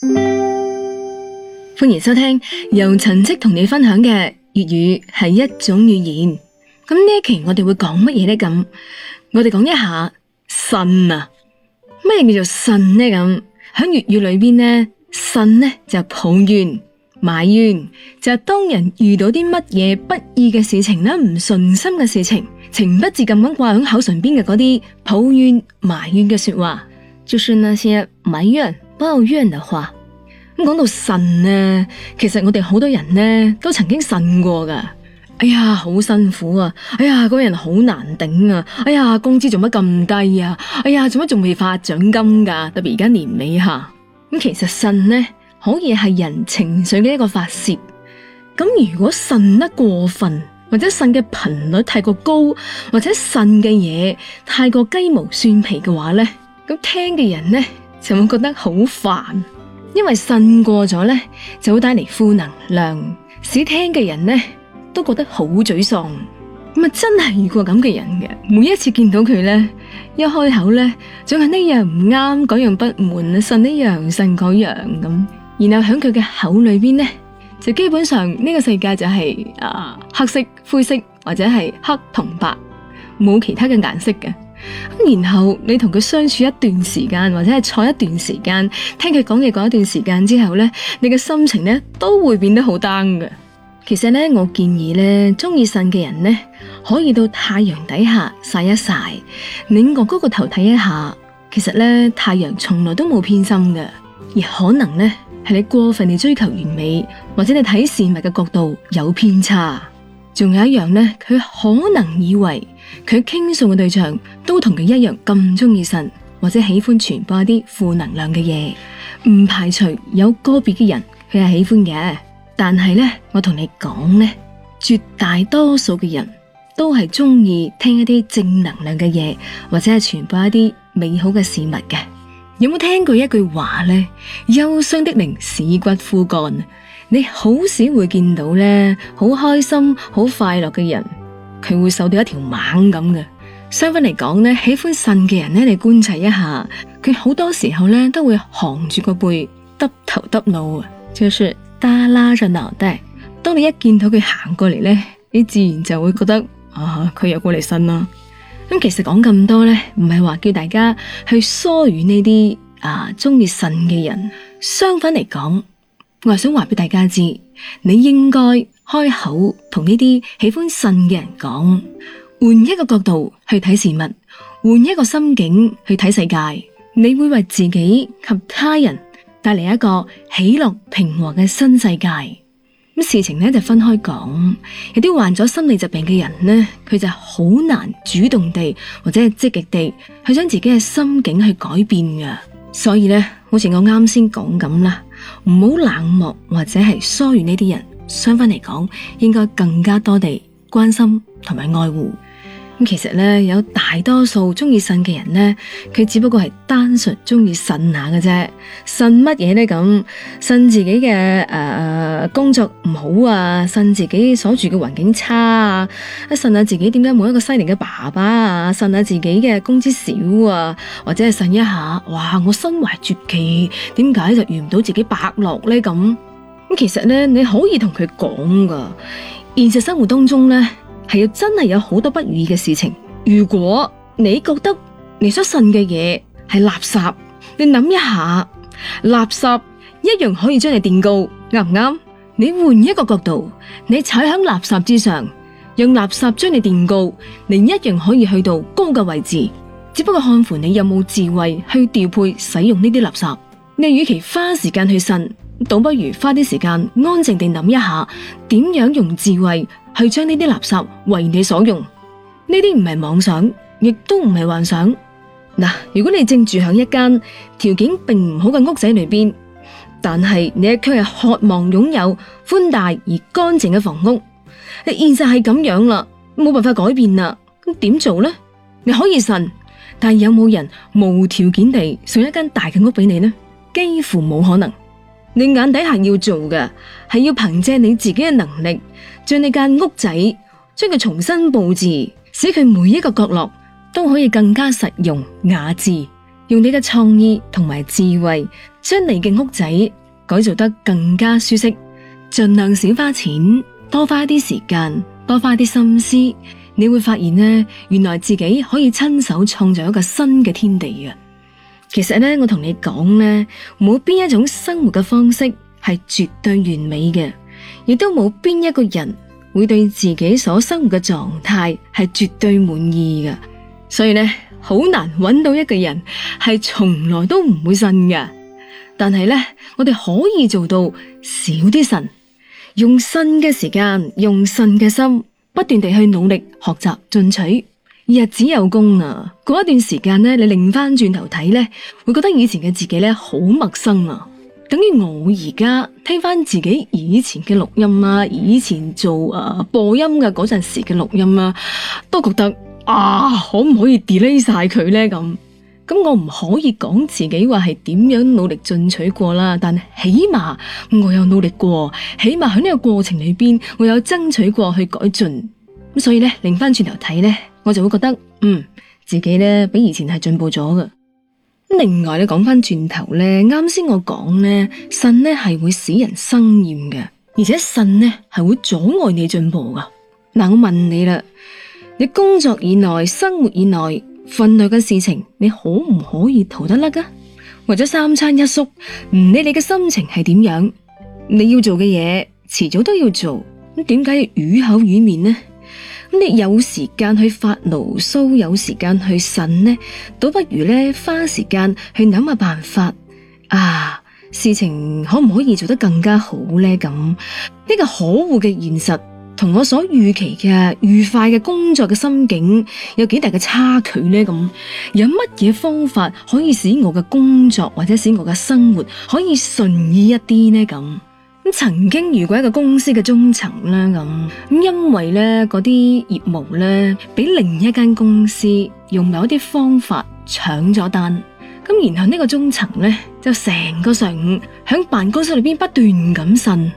歡迎收聽由陳戚同你分享嘅粵語係一種語言。咁呢期我哋會講乜嘢呢？咁我哋講一下，信啊，咩叫做信呢？咁喺粵語裏面呢，信呢就是抱怨、埋怨，就係當人遇到啲乜嘢不義嘅事情咧、唔順心嘅事情，情不自禁咁掛響口唇邊嘅嗰啲抱怨、埋怨嘅說話。就算那些埋怨、抱怨的話，咁講到呻呢？其實我哋好多人呢都曾經呻過㗎。哎呀，好辛苦啊！哎呀，嗰、那個、人好難頂啊！哎呀，工資做乜咁低啊？哎呀，做乜仲未發獎金㗎、啊？特別而家年尾吓。其實呻呢，可以係人情緒嘅一個發洩。咁如果呻得過分，或者呻嘅頻率太過高，或者呻嘅嘢太過雞毛蒜皮嘅話呢。咁聽嘅人呢，就會覺得好煩，因為信過咗呢，就會帶嚟負能量，使聽嘅人呢都覺得好沮喪。咁啊，真係遇過咁嘅人嘅，每一次見到佢呢，一開口呢，總係呢樣唔啱，嗰樣不滿，信呢樣信嗰樣咁，然後喺佢嘅口裏邊呢，就基本上呢個世界就係、是、啊黑色、灰色或者係黑同白，冇其他嘅顏色嘅。然後你同佢相處一段時間，或者係坐一段時間，聽佢講嘢嗰一段時間之後呢，你嘅心情呢都會變得好 down 嘅。其實呢，我建議呢中意呻嘅人呢，可以到太陽底下曬一曬，擰高嗰個頭睇一下。其實呢，太陽從來都冇偏心嘅，而可能呢係你過分地追求完美，或者你睇事物嘅角度有偏差。仲有一樣呢，佢可能以為。佢傾訴嘅對象都同佢一樣咁中意神，或者喜歡傳播一啲負能量嘅嘢。唔排除有個別嘅人佢係喜歡嘅，但係呢，我同你講呢，絕大多數嘅人都係中意聽一啲正能量嘅嘢，或者係傳播一啲美好嘅事物嘅。有冇聽過一句話呢？「憂傷的靈使骨枯乾」。你好少會見到呢好開心、好快樂嘅人。佢會瘦到一條蜢咁嘅，相反嚟講咧，喜歡呻嘅人咧，你觀察一下，佢好多時候咧都會扛住個背，耷頭耷腦啊，就是耷拉在腦底。當你一見到佢行過嚟咧，你自然就會覺得啊，佢又過嚟呻啦。咁其實講咁多咧，唔係話叫大家去疏遠呢啲啊中意呻嘅人，相反嚟講，我係想話俾大家知，你應該。開口同呢啲喜歡信嘅人講，換一個角度去睇事物，換一個心境去睇世界，你會為自己及他人帶嚟一個喜樂平和嘅新世界。事情呢就分開講，有啲患咗心理疾病嘅人呢，佢就係好難主動地或者係積極地去將自己嘅心境去改變嘅。所以呢，好似我啱先講咁啦，唔好冷漠或者係疏遠呢啲人。相反嚟講，應該更加多地關心同埋愛護。其實呢，有大多數中意信嘅人呢，佢只不過係單純中意信下嘅啫。信乜嘢呢？咁信自己嘅誒、呃、工作唔好啊，信自己所住嘅環境差啊，信下自己點解冇一個犀利嘅爸爸啊？信下自己嘅工資少啊，或者係信一下，「哇！我身懷絕技，點解就遇唔到自己伯樂呢？」咁。咁其實咧，你可以同佢講㗎。現實生活當中咧，係真係有好多不如意嘅事情。如果你覺得你所呻嘅嘢係垃圾，你諗一下，垃圾一樣可以將你墊高，啱唔啱？你換一個角度，你踩喺垃圾之上，用垃圾將你墊高，你一樣可以去到高嘅位置。只不過看乎你有冇智慧去調配使用呢啲垃圾。你與其花時間去呻。倒不如花啲時間安靜地諗一下，點樣用智慧去將呢啲垃圾為你所用？呢啲唔係妄想，亦都唔係幻想。嗱，如果你正住喺一間條件並唔好嘅屋仔裏邊，但係你卻係渴望擁有寬大而乾淨嘅房屋，你現實係咁樣啦，冇辦法改變啦，咁點做呢？你可以信，但係有冇人無條件地送一間大嘅屋俾你呢？幾乎冇可能。你眼底下要做嘅係要憑借你自己嘅能力，將你間屋仔將佢重新布置，使佢每一個角落都可以更加實用雅致。用你嘅創意同埋智慧，將你嘅屋仔改造得更加舒適。盡量少花錢，多花一啲時間，多花啲心思，你會發現咧，原來自己可以親手創造一個新嘅天地嘅。其實呢，我同你講呢，冇邊一種生活嘅方式係絕對完美嘅，亦都冇邊一個人會對自己所生活嘅狀態係絕對滿意嘅。所以呢，好難揾到一個人係從來都唔會怨嘅。但係呢，我哋可以做到少啲怨，用怨嘅時間，用怨嘅心，不斷地去努力學習進取。日子有功啊！過一段時間呢，你擰翻轉頭睇呢，會覺得以前嘅自己呢好陌生啊！等於我而家聽翻自己以前嘅錄音啊，以前做誒、啊、播音嘅嗰陣時嘅錄音啊，都覺得啊，可唔可以 delay 晒佢呢？咁咁，我唔可以講自己話係點樣努力進取過啦，但起碼我有努力過，起碼喺呢個過程裏邊，我有爭取過去改進。咁所以呢，擰翻轉頭睇呢。我就會覺得，嗯，自己咧比以前係進步咗噶。另外咧，講翻轉頭咧，啱先我講咧，呻咧係會使人生厭嘅，而且呻咧係會阻礙你進步噶。嗱、嗯，我問你啦，你工作以內、生活以內、份內嘅事情，你可唔可以逃得甩噶？或者三餐一宿，唔理你嘅心情係點樣，你要做嘅嘢遲早都要做，咁點解要與口與面呢？咁你有時間去發牢騷，有時間去呻呢，倒不如呢，花時間去諗個辦法啊！事情可唔可以做得更加好呢？咁呢，呢個可惡嘅現實，同我所預期嘅愉快嘅工作嘅心境，有幾大嘅差距呢？咁有乜嘢方法可以使我嘅工作，或者使我嘅生活可以順意一啲呢？咁，曾經遇過一個公司嘅中層呢，咁，咁因為呢嗰啲業務呢，俾另一間公司用某啲方法搶咗單，咁然後呢個中層呢，就成個上午喺辦公室裏面不斷咁呻，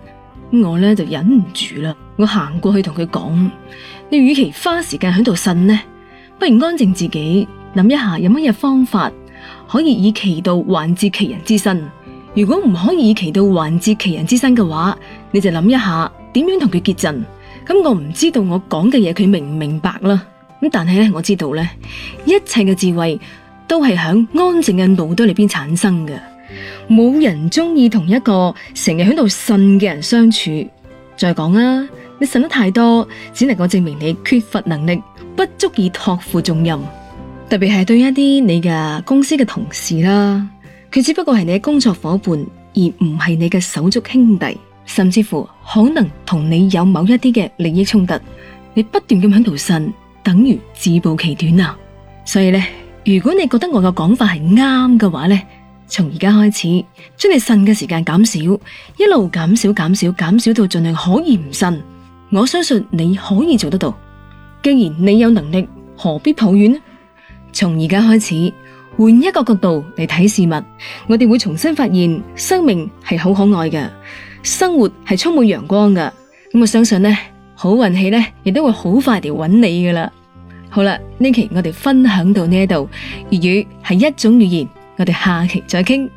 我呢，就忍唔住啦，我行過去同佢講：你與其花時間喺度呻呢，不如安靜自己諗一下有乜嘢方法可以以其道還治其人之身。如果唔可以以其道還治其人之身嘅話，你就諗一下點樣同佢結陣。咁、嗯、我唔知道我講嘅嘢佢明唔明白啦。但係咧，我知道咧，一切嘅智慧都係響安靜嘅腦袋裏面產生嘅。冇人中意同一個成日喺度呻嘅人相處。再講啊，你呻得太多，只能夠證明你缺乏能力，不足以託付重任。特別係對一啲你嘅公司嘅同事啦。佢只不過係你嘅工作伙伴，而唔係你嘅手足兄弟，甚至乎可能同你有某一啲嘅利益衝突。你不斷咁響度呻，等於自暴其短啊！所以呢，如果你覺得我嘅講法係啱嘅話咧，從而家開始將你呻嘅時間減少，一路減少減少減少,減少到盡量可以唔呻。我相信你可以做得到。既然你有能力，何必抱怨呢？從而家開始。換一個角度嚟睇事物，我哋會重新發現，生命係好可愛嘅，生活係充滿陽光嘅。咁我相信呢，好運氣呢，亦都會好快地揾你噶啦。好啦，呢期我哋分享到呢一度，粵語係一種語言，我哋下期再傾。